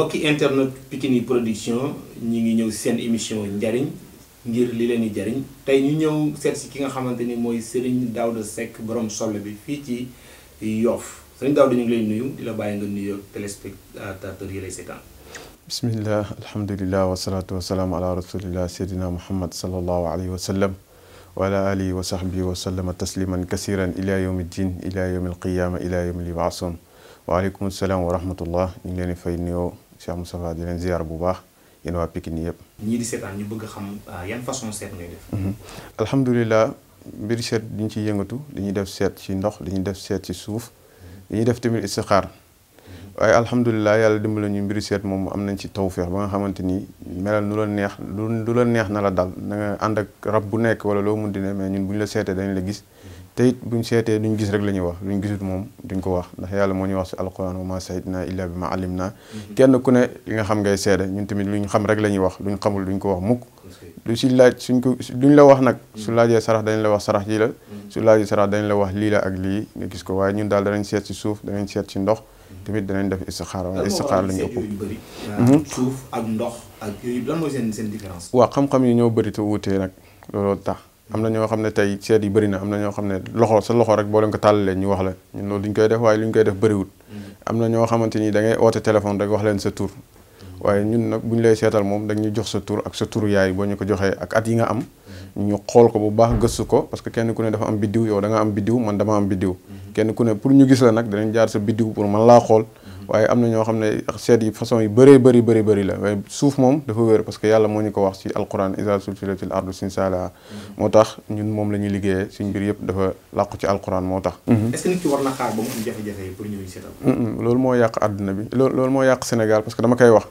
mbokki internet Pikini production ñi ngi ñëw seen émission njariñ ngir li leen di jariñ tey ñu ñëw seet si ki nga xamante ni mooy Serigne Daouda Seck borom soble bi fii ci Yoff Serigne Daouda ñu ngi lay nuyu di la bàyyi nga nuyu téléspectateur yi lay seetaan bismillah alhamdulillah wasalaatu wasalaamu ala rasulillah seydina muhammad salallahu alayhi wa sallam wa ala alihi wa sahbihi wa sallama tasliman kasiran ila yawmi ddin ila yawmi alqiyama ila yawmi libason waaleykum salaam wa rahmatullah ñu ngi leen di fay nuyoo Cheikh Moustapha di leen ziar bu baax yéen waa Pikine yëpp. ñii di seetaan ñu xam euh, yan façon seet ngay def. Mhm. mbir seet diñ ci yëngatu dañuy def seet ci ndox dañuy def seet ci suuf dañuy def tamit istixaar waaye alhamdulilah yàlla dimbali ñu mbiri seet moom am nañ ci tawféex ba nga xamante ni melal nu la neex lu la neex na la dal na nga ànd ak rab bu nekk wala loo mun di ne mais ñun bu ñu la seetee dañ la gis. te it buñ seetee duñ gis rek la ñuy wax luñ gisut moom duñ ko wax ndax yàlla moo ñuy wax si alquran wa ma sayidna illa bi ma alim na mhm. kenn ku ne li nga xam ngay seede ñun tamit luñ xam rek la ñuy wax luñ xamul duñ ko wax mukk lu si suñ ko duñ la wax nag su mhm. laajee sarax dañ la wax sarax ji la mhm. su laajee sarax dañ la wax lii la ak lii nga gis ko waaye ñun daal danañ seet si suuf danañ seet ci ndox tamit danañ def istixaara wala istixaara lañu ëpp suuf ak ndox ak yooyu lan mooy xam-xam yi ñoo bëri te wuutee nag looloo tax am na ñoo xam ne tey seet yi bëri na am na ñoo xam ne loxo sa loxo rek boo leen ko tàllalee ñu wax la ñun loolu duñ koy def waaye luñ koy def bëriwul mm-hmm. am na ñoo xamante ni dangay oote téléphone rek wax leen sa tur mm-hmm. waaye ñun nag bu ñu lay seetal moom dañ ñu jox sa tur ak sa tur yaay boo ñu ko joxee ak at yi nga am mm-hmm. ñu xool ko bu baax gëstu ko parce que kenn ku ne dafa am biddiw yow danga am biddiw man dama am biddiw kenn ku ne pour ñu gis la nag danañ jaar sa biddiw pour man laa xool waaye am na ñoo xam ne seet yi façon yi bëree bëri bëri bëri la waaye suuf moom dafa wér parce que yàlla moo ñu ko wax ci alquran isa sulsilatil ardu sin saala mm-hmm. moo tax ñun moom la ñuy liggéeyee suñ mbir yëpp dafa làqu ci alquran moo tax mm-hmm. est-ce pour loolu moo yàq àdduna bi loolu moo yàq Sénégal parce que dama koy wax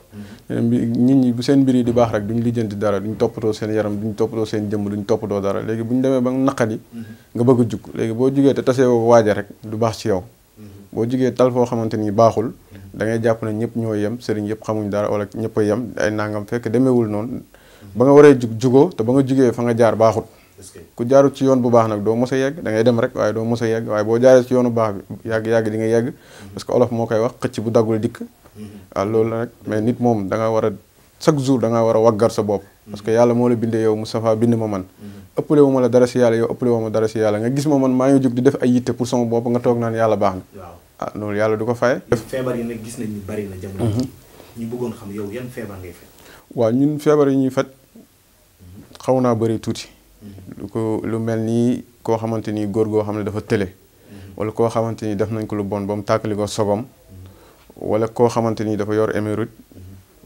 mm-hmm. nit ñi bu seen mbir yi di baax rek duñ lijjanti dara duñ toppatoo seen yaram duñ toppatoo seen jëmm duñ toppatoo dara léegi bu demee ba naqadi nga bëgg a jug léegi boo jugee te tasee waaja rek du baax ci yow boo jugee tal foo xamante ni baaxul mm-hmm. da ngay jàpp ne ñëpp ñoo yem sëriñ yëpp xamuñ dara wala ñëpp yem ay nangam fekk demeewul noonu mm-hmm. ba nga waree jug jugoo te ba nga jugee fa nga jaar baaxut ku jaarut ci yoon bu baax nag doo mos a yegg da ngay dem rek waaye doo mos a yegg waaye boo jaaree ci yoonu baax bi yàgg-yàgg di nga yegg mm-hmm. parce que olof moo koy wax xëcc bu daggul dikk waaw ah, loolu rek mais nit moom danga nga war chaque jour da nga war a waggar sa bopp parce que yàlla moo la bindee yow Moustapha bind ma man ëppale wu ma la dara si yàlla yow ëppale wu ma dara si yàlla nga gis ma man maa ngi jóg di def ay yitte pour sama bopp nga toog naan yàlla baax na ah yàlla du ko faye feebar yi nag gis nañ ni bari na mhm. ñu bëggoon xam yow yan feebar ngay ñun feebar yi ñuy fet mhm. xaw naa bëri tuuti mhm. lu ko lu mel nii koo xamante ni góor goo xam ne dafa tële wala koo xamante ni def nañ ko lu bon ba mu tàkkali ko sogom walla koo xamante ni dafa yor émérite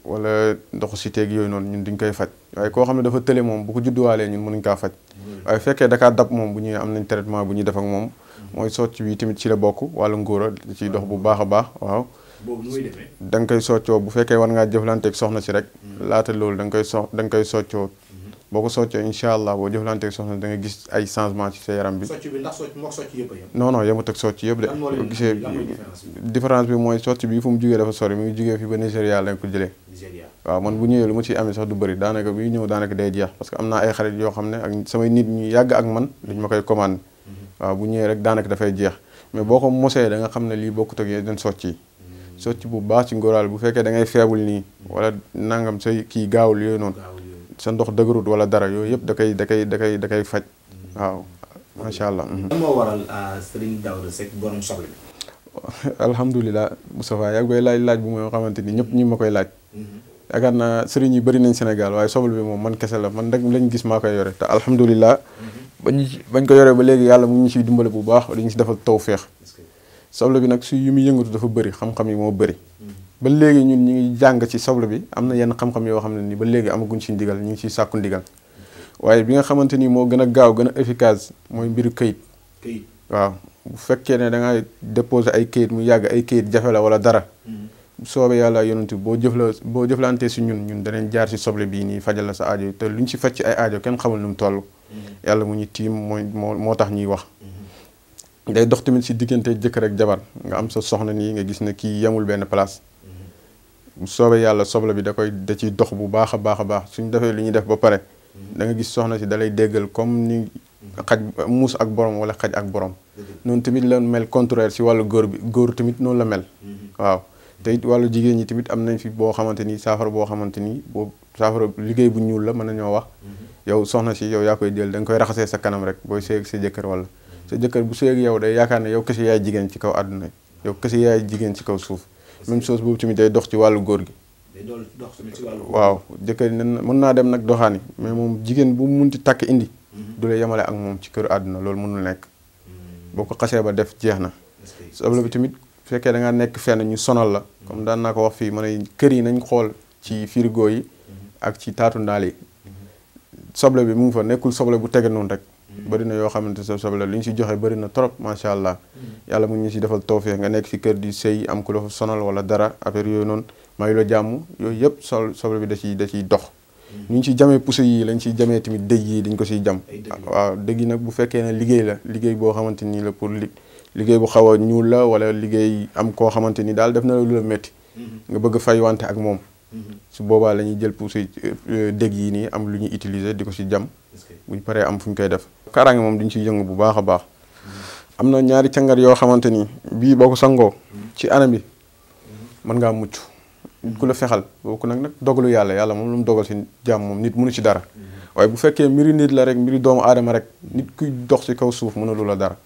wala ndoxu si teeg yooyu noonu ñun duñ koy faj waaye koo xam ne dafa tële moom bu ko judduwaalee ñun mënuñ kaa faj waaye fekkee dakaa dab moom bu ñuy am nañ traitement bu ñuy def ak moom mooy socc bi tamit ci la bokk wàllu ngóora ci dox bu baax a baax waaw da koy soccoo bu fekkee war ngaa jëflanteeg soxna si rek hmm. laata loolu da koy so da koy soccoo hmm. boo ko soccoo incha allah boo jëflanteeg soxna da nga gis ay changement ci sa bi socc bi ndax socc mook socc yëpp yem non non yemut ak socc yëpp de gisee différence bi mooy socc bi fu mu jugee dafa sori mu ngi jugee fi ba Nigéria lañ ko jëlee Nigéria waaw man bu ñëwee lu ma ciy amee sax du bëri daanaka bi ñëw daanaka day jeex parce que am naa ay xarit yoo xam ne ak samay nit ñu yàgg ak man dañ ma koy commandé mm-hmm. waaw bu ñëwee rek daanaka dafay jeex mais boo ko mosee danga nga xam ne lii bokkut ak yeneen socc mm-hmm. socc bu baax ci ngóoraal bu fekkee da ngay feebul nii mm-hmm. wala nangam say kii gaawul yooyu noonu sa ndox dëgërut wala dara yooyu yëpp da koy da koy da koy da koy faj waaw macha allah. lan moo waral ah, Serigne Daouda Seck borom soble bi. alhamdulilah Moustapha yaa ngi koy laaj laaj bu ma xamante ni ñëpp ñi ma koy laaj. yaakaar naa sëriñ yi bari nañ Sénégal waaye soble bi moom man kese la man rek lañ gis maa koy yore te alhamdulilah bañ bañ ko yoree ba léegi yàlla mu ngi siy dimbale bu baax ñu si defal taw feex soble bi nag su yu muy yëngatu dafa bëri xam-xam yi moo bëri ba léegi ñun ñu ngi jàng ci soble bi am na yenn xam-xam yoo xam ne ni ba léegi amaguñ si ndigal ñu ngi siy sàkku ndigal waaye bi nga xamante ni moo gën a gaaw gën a efficace mooy mbiru këyit waaw bu fekkee ne da ngay déposer ay këyit mu yàgg ay këyit jafe wala dara soobe yàlla yonent boo jëfla boo jëflantee si ñun ñun danañ jaar si soble bii nii fajal la sa aajo te luñ si faj ci ay aajo kenn xamul nu mu toll. Mm-hmm. yàlla mu ñu tiim mooy moo moo tax ñuy wax. day dox tamit si diggante jëkkër ak jabar nga am sa soxna nii nga gis ne kii yemul benn place. bu mm-hmm. yàlla soble bi da koy da ciy dox bu baax a baax a baax suñ defee lu ñuy def ba pare. Mm-hmm. da nga gis soxna si dalay déggal comme ni. xaj muus ak borom wala xaj ak borom. noonu tamit la mel contraire si wàll góor bi góor tamit noonu la mel. waaw. te it wàllu jigéen ñi tamit am nañ fi boo xamante ni saafara boo xamante ni boo saafara liggéey bu ñuul la mën nañoo wax mm-hmm. yow soxna si yow yaa koy jël da nga koy raxasee sa kanam rek boo séeg sa jëkkër wala sa jëkkër bu séeg yow day yaakaar ne yow kese yaay jigéen ci kaw àdduna yow kese yaay jigéen ci kaw suuf même chose boobu tamit day dox ci wàllu góor gi waaw jëkkër nen mën naa dem nag doxaani mais moom jigéen bu mu munti takk indi mm-hmm. du la yemale ak moom ci kër àdduna loolu mënul nekk mm-hmm. boo ko xasee ba def jeex na soble tamit fekkee da nga nekk fenn ñu sonal la comme daan naa ko wax fii ma ne kër yi nañ xool ci frigo yi ak ci taatu ndaal yi soble bi mu ngi fa nekkul soble bu tege noonu rek bëri na yoo xamante sa soble li ñu si joxe bëri na trop macha allah yàlla mu ñu si defal tawfeex nga nekk si kër di sëy am ku la fa sonal wala dara affaire yooyu noonu mayu la jàmm yooyu yëpp sol soble bi da ciy da ciy dox ñu ngi si jamee pousse yii lañ si jamee tamit dëj yi dañ ko si jam waaw dëj yi nag bu fekkee ne liggéey la liggéey boo xamante nii la pour li liggéey bu xaw a ñuul la wala liggéey am koo xamante ni daal def na lu la métti mm-hmm. nga bëgg fay wante ak moom mm-hmm. su boobaa la ñuy jël pour si euh, dég yi nii am lu ñu utiliser di ko si jam buñ paree am fu ñu koy def kaaraange moom duñ si yëngu bu baax a baax mm-hmm. am na ñaari cangar yoo xamante ni bii boo ko sangoo ci anam bi mën ngaa mucc ku la fexal booku nag nag dogalu yàlla yàlla moom lu mu dogal si jàmm moom nit mënu ci dara waaye bu fekkee mbiri nit la rek mbiri doomu aadama rek nit kuy dox si kaw suuf mënalu la dara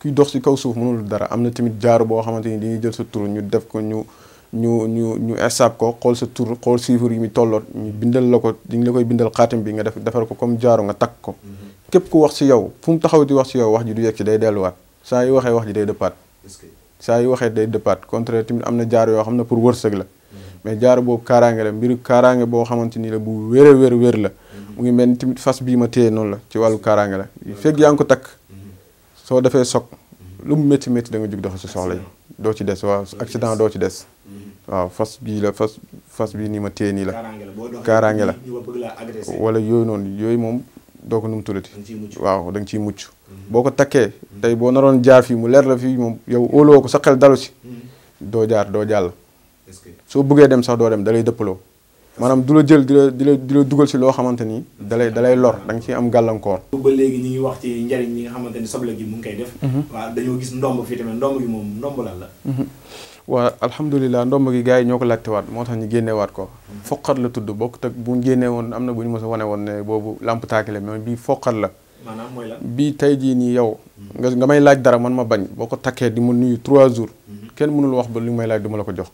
kuy dox ci kaw suuf mënul dara am na tamit jaaru boo xamante ni dañuy jël sa tur ñu def ko ñu ñu ñu ñu instab ko xool sa tur xool chiffre yi mu tolloot ñu bindal la ko dañ la koy bindal xaatim bi nga def defar ko comme jaaru nga takk ko mm-hmm. képp ku wax ci yow fu mu taxaw di wax ci yow wax ji du yegg ci day delluwaat saa yu waxee wax ji day dëppaat saa yu waxee day dëppaat contraire tamit am na jaaru yoo xam ne pour wërsëg la mm-hmm. mais jaaru boobu kaaraange la mbiru kaaraange boo xamante ni la bu wér a wér la mm-hmm. mu ngi mel ni tamit fas bii ma téye noonu la ci wàllu kaaraange la fekk yaa ngi ko takk soo defee soog lu mu metti métti da nga jug doxal si soxla yi doo ci des waaw accident doo ci des mm-hmm. waaw fas bii la fas fas bii nii ma téye nii la kaaraange la wala yooyu noonu yooyu moom doo ko nu mu tuddati waaw da nga ciy mucc mm-hmm. boo ko takkee tey boo naroon jaar fii mu leer la fii moom yow óoloo ko sa xel dalu si mm-hmm. doo jaar doo jàll soo buggee dem sax doo dem da lay dëppaloo maanaam du la jël di la di la la dugal si loo xamante ni dalay dalay lor da nga ciy am gàllankoor ba léegi ñu ngi wax ci njariñ ñi nga xamante ni soble gi mu ngi def mhm. waaw dañoo gis ndomb fii tamit ndomb gi moom ndomb lan la mhm. waaw alhamdulilah ndomb gi gars yi ñoo ko laajtewaat moo tax ñu génneewaat ko foqat la tudd bokk te bu génnee woon am na bu ñu mos a wane woon ne boobu lamp taakile mais bii foqat la maanaam mooy lan bii tey jii nii yow mhm. nga nga may laaj dara man ma bañ boo ko takkee di ma nuyu trois jours kenn mënul wax ba li may laaj du la ko jox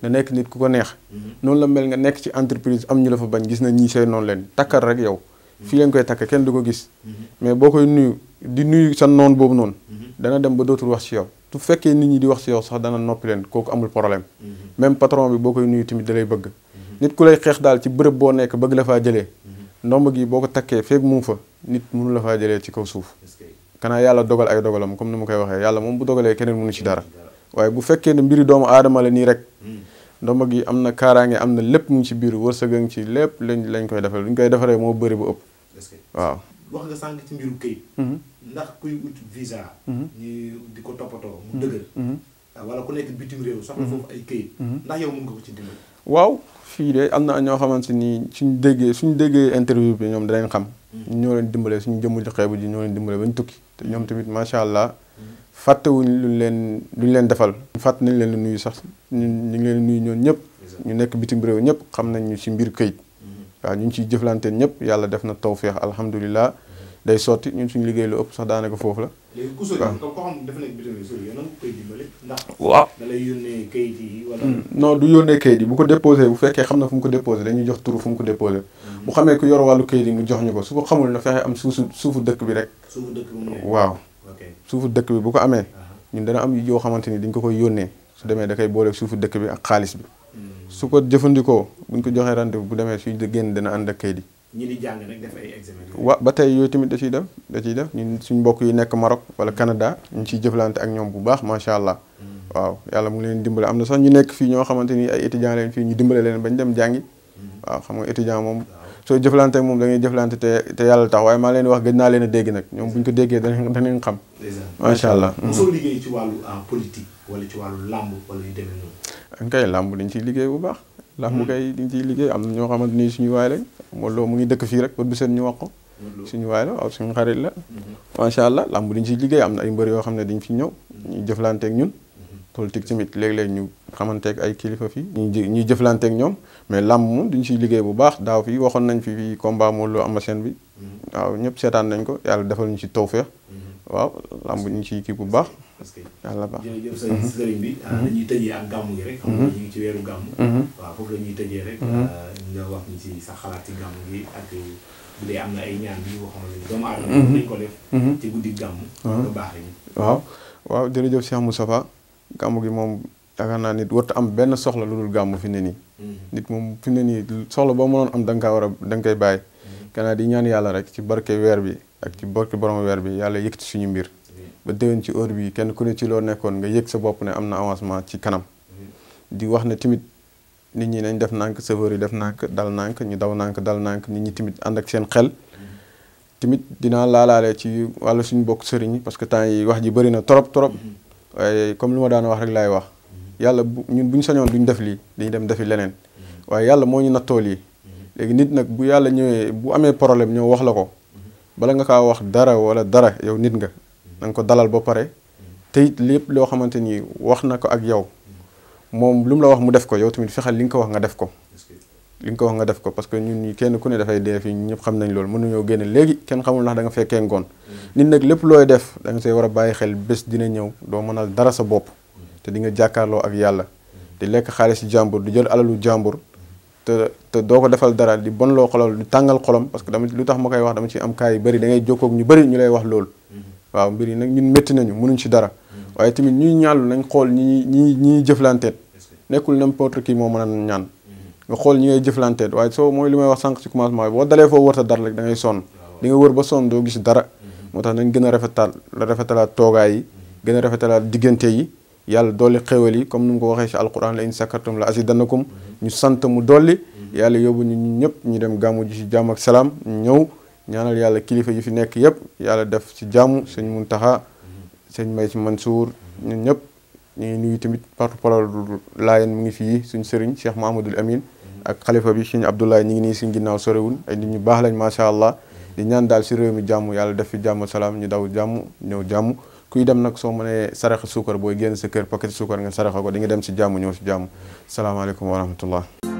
nga nekk nit ku ko neex mhm. noonu la mel nga nekk ci entreprise am ñu la fa bañ gis na ñii say noonu leen takkal rek yow mhm. fii lañ koy takk kenn du ko gis mhm. mais boo koy nuyu di nuyu sa noon boobu noonu dana dem ba dootul wax ci yow su fekkee nit ñi di wax ci yow sax dana noppi leen kooku amul problème même patron bi boo koy nuyu tamit da lay bëgg nit ku lay xeex daal ci bërëb boo nekk bëgg la faa jëlee ndomb gi boo ko takkee feeg mu fa nit mënu la faa jëlee ci kaw suuf kanaa yàlla dogal ay dogalam comme waxee yàlla moom bu dogalee keneen mënu ci waaye bu fekkee ne mbiri doomu aadama la nii rek mag hmm. yi am na kaaraange am na lépp mu ngi ci biir wërsëg a ngi ci lépp lañ lañ koy defal luñ koy defaree moo bëri bu ëpp waaw wax nga sànq ci mbiru këyit hmm. ndax kuy ut visa hmm. ñu di ko toppatoo mu dëgër ah, ay këyit ndax yow ci dimbali waaw fii de am na ñoo xamante nii suñ déggee suñ déggee interview bi ñoom danañ xam ñoo leen dimbalee suñu jëmm ji xeebu ji ñoo leen dimbalee bañ tukki ñoom tamit macha allah fàttewuñ luñ leen luñ leen defal. fàtt nañ leen nuyu sax ñu ngi leen nuyu ñoon ñëpp. ñu nekk bitim réew ñëpp xam nañ ñu ci mbir këyit. Mm-hmm. waaw ñu ngi ciy jëflante ñëpp yàlla def na tawféex alhamdulilah. day sotti ñun suñu liggéey lu ëpp sax daanaka foofu la. léegi ku sori comme koo xam dafa nekk a koy dimbali ndax. Hmm. du yónnee kayit yi bu ko déposé bu fekkee xam na fu mu ko déposé dañuy jox turu fu mu ko déposé. Hmm. bu xamee ku yor wàllu kayit yi mu jox ñu ko su ko xamul na fexe am suufu suufu dëkk bi rek. suufu waaw. suufu dëkk bi bu ko amee. ñun dana am yoo xamante ni dañ ko koy yónnee su demee dakay koy suufu dëkk bi ak xaalis bi. Hmm. su ko jëfandikoo buñ ko joxee rendez-vous bu demee suy génn dana ànd ak kayit yi ñi di jàng ba tey yooyu tamit da ciy def da ciy def ñun suñ mbokk yi nekk Maroc wala mm. Canada ñu ciy jëflante ak ñoom bu baax macha allah. Mm. waaw yàlla mu ngi leen dimbale am na sax ñu nekk fii ñoo xamante ni ay étudiants leen fii ñu dimbale leen bañ dem jàngi. Mm. waaw xam nga étudiant moom. soo jëflante moom da ngay jëflante te te yàlla tax waaye maa leen wax gëj naa leen a dégg nag ñoom bu ko déggee danañ danañ xam. macha allah. Mm-hmm. mosoo liggéey ci wàllu politique wala ci wàllu làmb wala yu demee noonu. kay ciy liggéey bu baax ndax mu hmm. koy di nga ciy liggéey am na ñoo xamante ni suñu waay lañ Modou Lo mu ngi dëkk fii rek bët bu seen ñu wax ko suñu waay la waaw suñu xarit la hmm. macha allah làmb diñ ciy liggéey am na ay mbër yoo xam ne diñ fi ñëw ñuy hmm. jëflanteeg ñun politique tamit léeg-léeg ñu xamanteeg ay kilifa fii ñuy ñuy jëflanteeg ñoom mais làmb moom duñ ciy liggéey bu baax daaw fii waxoon nañ fi fii komba Modou Lo Ama Sène bi waaw ñëpp seetaan nañ ko yàlla defal ñu ci tawfeex waaw làmb ñu ciy kii bu baax parce que yàlla baax jërëjëf sa mhm. sëriñ bi ah, mhm. dañuy mhm. waaw foofu la ñuy tëjee rek ah, gi jërëjëf Cheikh Moustapha gàmm gi moom yaakaar naa nit warta am benn soxla lu dul gàmm fi ne nii nit moom fi ne nii soxla boo mënoon am da nga kaa war a da nga koy bàyyi gannaaw di ñaan yàlla rek ci barke weer bi ak ci barke borom weer bi yàlla yëkkati suñu mbir ba déwén ci heure bi kenn ku ne ci loo nekkoon nga yëg sa bopp ne am na avancement ci kanam di wax ne tamit nit ñi nañ def nànk chauffeur yi def nànk dal nànk ñu daw nànk dal nànk nit ñi tamit ànd ak seen xel tamit dinaa laalaale ci wàllu suñu bokk sëriñ parce que temps yi wax ji bëri na trop trop waaye comme li ma daan wax rek laay wax yàlla bu ñun bu ñu sañoon duñ def lii dañuy dem defi leneen waaye yàlla moo ñu nattoo lii léegi nit nag bu yàlla ñëwee bu amee problème ñoo wax la ko bala nga kaa wax dara wala dara yow nit nga na nga ko dalal ba te it lépp loo xamante ni wax na ko ak yow moom lu mu la wax mu def ko yow tamit fexeel li nga ko wax nga def ko. li nga ko wax nga def ko parce que ñun ñi kenn ku ne dafay dee fii ñëpp xam nañ loolu mënuñoo génne léegi kenn xamul na da nga fekkee ngoon. nit nag lépp looy def da nga see war a bàyyi xel bés dina ñëw doo mënal dara sa bopp te di nga jàkkaarloo ak yàlla di lekk xaalis jàmbur di jël alalu jàmbur. te te doo ko defal dara di bon loo xolal di tàngal xolam parce que dama lu tax ma koy wax dama ci am cas yu bëri da ngay jokkoog ñu wax loolu. waaw mbir yi nag ñun métti nañu mënuñ ci dara waaye tamit ñuy ñaalu nañ xool ñi ñi ñi jëflanteet nekkul n'importe kii moo mën a ñaan nga xool ñu ngay jëflanteet waaye soo mooy li may wax sànq si commencement boo dalee foo wërta dara rek da ngay sonn di nga wër ba sonn doo gis dara moo tax nañ gën a rafetaal rafetalaat toogaay yi gën a rafetalaat diggante yi yàlla dolli xéwal yi comme ni mu ko waxee ci alquran la in sakartum la azidannakum ñu sant mu dolli yàlla yóbbu ñu ñëpp ñu dem gàmmu ji ci jàmm ak salaam ñëw ñaanal yàlla kilifa yi fi nekk yëpp yàlla def ci jàmm sëñ taxa sëñ May si Mansour ñun ñëpp ñu ngi nuyu tamit porte-parole Laayeen mu ngi fii suñ sëriñ Cheikh Mahamadul Amin ak kalifa bi sëñ Abdoulaye ñu ngi nii suñ ginnaaw sorewul ay nit ñu baax lañ macha allah di ñaan daal si réew mi jàmm yàlla def fi jàmm salaam ñu daw jàmm ñëw jàmm kuy dem nag soo mënee saraxa suukar booy génn sa kër paquet suukar nga saraxa ko di nga dem si jàmm ñëw si jàmm salaamaaleykum wa